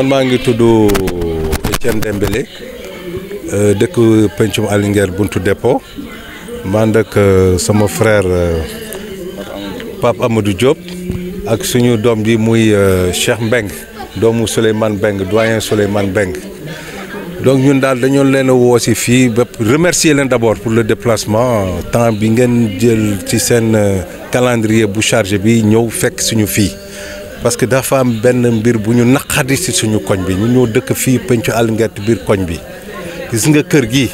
man maa ngi tudd euh, Etienne Dembélé euh, dëkk Pencum Alinguer Buntu Dépôt ma ànd euh, sama frère Pape Amadou Diop ak suñu dom bi muy Cheikh Mbeng doomu Souleymane Beng doyen Souleymane Beng donc ñun daal dañu leen a woo si fii ba remercier leen d' abord pour le déplacement temps bi ngeen jël ci seen calendrier bu chargé bi ñëw fekk suñu fii parce que dafa am benn mbir bu ñu Nous si suñu koñ bi ñu ñoo dëkk fii Penccu Aly Ngert biir koñ bi gis nga kër gi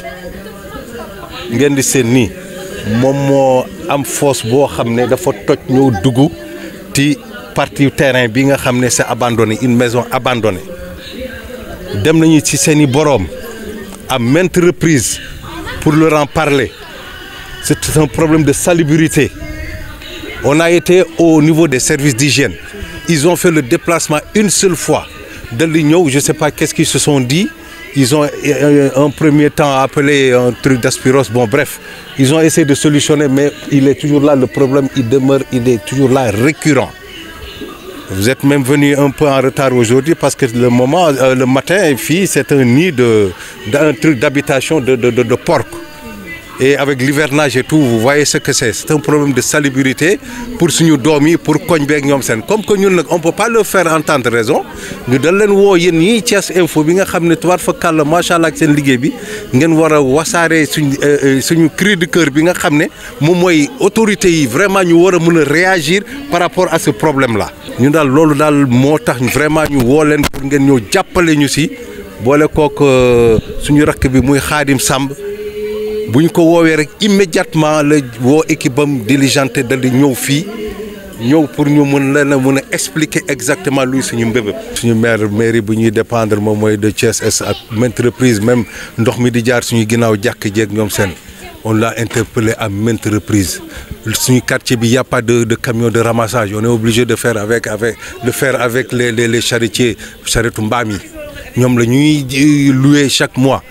ngeen di seen nii moom moo am boo xam terrain abandonné une maison abandonnée dem nañu ci à maintes reprises pour leur en parler c'est un problème de salubrité on a été au niveau des services d'hygiène ils ont fait le déplacement une seule fois de l'Union, je ne sais pas qu'est-ce qu'ils se sont dit. Ils ont en euh, premier temps appelé un truc d'aspiros. Bon, bref, ils ont essayé de solutionner, mais il est toujours là, le problème, il demeure, il est toujours là, récurrent. Vous êtes même venu un peu en retard aujourd'hui parce que le moment, euh, le matin, c'est un nid de, d'un truc d'habitation de porc. Et avec l'hivernage et tout, vous voyez ce que c'est. C'est un problème de salubrité pour ce nous dormir, pour Konybeek Nyomsen. Comme que nous, on ne peut pas le faire entendre raison, nous devons nous ni Thiès Info, nous devons nous faire calme, machallah, c'est ligue, nous devons wassare suñu cri de cœur bi nga xam ne moom mooy yi vraiment ñu war a réagir par rapport à ce problème là. Nous, daal loolu daal nous tax vraiment ñu woo leen pour ngeen ñëw jàppale ñu quoi que ce suñu rakk bi muy Xaadim Samb buñ ko woowee rek immédiatement le wo équipe bam diligente dal di ñëw fii pour ñu mën leen expliquer exactement luy suñu mbébé. suñu maire mairie bu ñuy dépendre moom mooy de Thiès ak entreprise même ndox mi di jaar suñu ginnaaw jakk jeeg ñom sen on l'a interpellé à maintes reprises suñu quartier bi n'y a pas de de camion de ramassage on est obligé de faire avec avec de faire avec les les les charretiers charretu mbaam yi ñoom la ñuy euh, louer chaque mois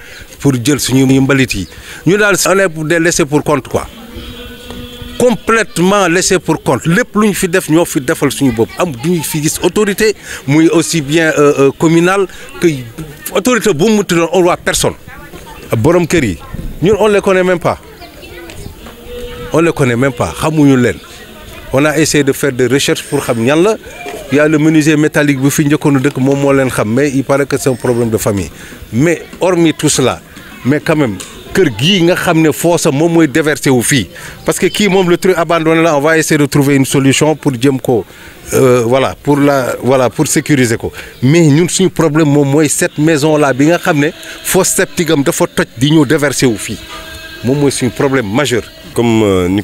pour jël suñu yi ñu daal on est pour pour compte quoi complètement laissé pour compte les luñ fi def ñoo fi defal suñu bop am duñ fi gis autorité muy aussi bien euh, euh, communal que autorité bu mu on voit personne borom kër yi ñun on les connaît même pas on les connaît même pas xamuñu leen on a essayé de faire des recherches pour xam ñan la y a le menuisier métallique bu fi njëkkoon dëkk leen xam mais il paraît que c'est un problème de famille mais hormis tout cela mais quand même kër gi nga xamné ne foosa moom mooy déversé wu fi parce que ki mom le truc abandonné là on va essayer de trouver une solution pour djem ko euh, voilà pour la voilà pour sécuriser ko mais ñun suñu problème mom moy cette maison là bi nga xamné ne fosse septique am dafa toj di ñëw déversé wu fi mom moy suñu problème majeur. comme euh, ni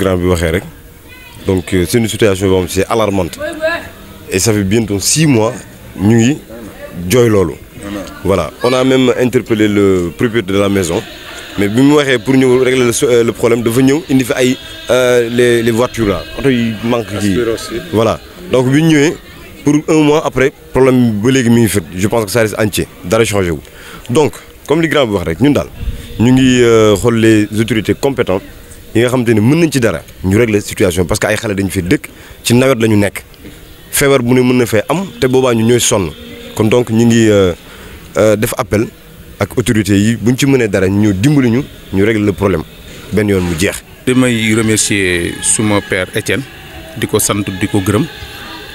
grand bi waxé rek donc euh, c'est une situation boo c'est alarmante et ça fait bientôt six mois ñu ngi jooy loolu. Voilà, on a même interpellé le propriétaire de la maison. Mais pour nous régler le, euh, problème, de venir, il y a les, les voitures là. Il manque Voilà. Donc, pour un mois après, le problème je pense que ça reste entier. D'aller changer. Donc, comme les grands nous nous les autorités compétentes. Ils ont nous régler la situation parce qu'ils ont fait des choses, ils ont fait des choses, ils ont fait des choses, ils ont fait des choses, ils ont fait des choses, Euh, def appel ak autorité yi buñ ci mënee dara ñu dimbali ñu ñu régler le problème ben yoon mu jeex. damay remercier suma père Étienne diko ko sant di gërëm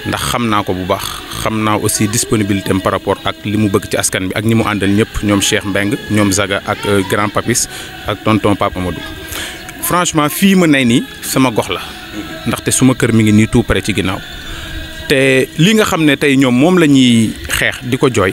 ndax xamna ko bu baax xamna aussi disponibilité par rapport ak limu bëgg ci askan bi ak ñi mu àndal ñëpp ñom Cheikh Mbeng ñom Zaga ak euh, grand papis ak tonton papa modou franchement fi ma nay ni sama gox la té suma kër mi ngi ni tout près ci ginnaw te li nga xamné tay ñom mom lañuy la diko joy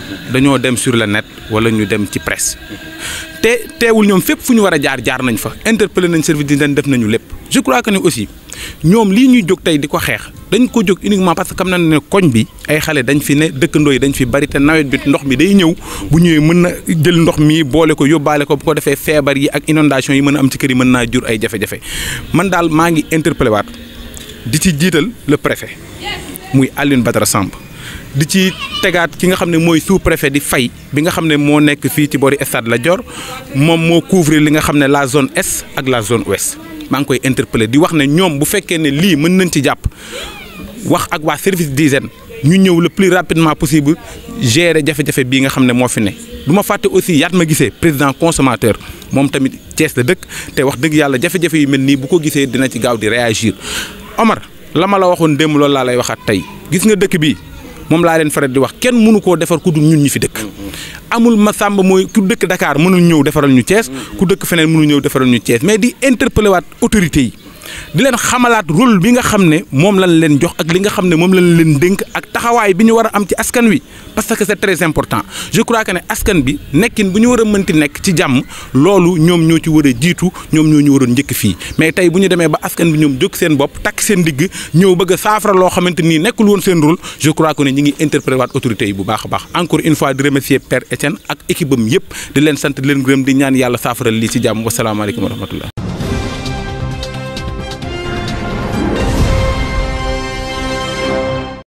dañoo dem sur le net wala ñu dem ci presse te teewul ñoom fépp fu ñu war a jaar jaar nañ fa interpellé nañ service di d'hygiène def nañu lépp je crois que aussi ñoom lii ñuy jóg tey di ko xeex dañ ko jóg uniquement parce que xam na ne koñ bi ay xale dañ fi ne dëkkandoo yi dañ fi bari te nawet bi ndox mi day ñëw bu ñëwee mën na jël ndox mi boole ko yóbbaale ko bu ko defee feebar yi ak inondation yi mën a am ci kër yi mën naa jur ay jafe-jafe man daal maa ngi interpellé waat di ci jiital le préfet muy Alioune Badara Samb di ci tegaat ki nga xam ne mooy sous préfet di fay bi nga xam ne moo nekk fii ci boori stade la Dior moom moo couvrir li nga xam ne la zone est ak la zone ouest maa ngi koy interpeller di wax ne ñoom bu fekkee ne lii mën nañ ci jàpp wax ak waa service d'hygiène ñu ñëw le plus rapidement possible gérer jafe-jafe bii nga xam ne moo fi ne du ma fàtte aussi yaat ma gisee président consommateur moom tamit Thiès la dëkk te wax dëgg yàlla jafe-jafe yu mel nii bu ko gisee dina ci gaaw di réagir Omar la ma la waxoon démb loolu laa lay waxaat tey gis nga dëkk bi moom laa leen faral di wax kenn mënu koo defar ku dul ñun ñi fi dëkk amul ma sàmba mooy ku dëkk Dakar mënul ñëw defaral ñu Thiès ku dëkk feneen mënul ñëw defaral ñu Thiès mais di interpellé waat autorité yi di leen xamalaat rôle bi nga xam ne moom lañ leen jox ak li nga xam ne moom lañ leen dénk ak taxawaay bi ñu war am ci askan wi parce que c'est très important je crois que ne askan bi nekkin bu ñu war a mënti nekk ci jàmm loolu ñoom ñoo ci war a jiitu ñoom ñoo ñu waroon njëkk fii mais tey bu ñu demee ba askan bi ñoom jóg seen bopp takk seen digg ñëw bëgg a saafara loo xamante nii nekkul woon seen rôle je crois que ne ñi ngi interpréter waat autorités a baax encore une fois di remercier leen sant di leen gërëm ñaan yàlla saafara lii ci jàmm wasalaamaaleykum wa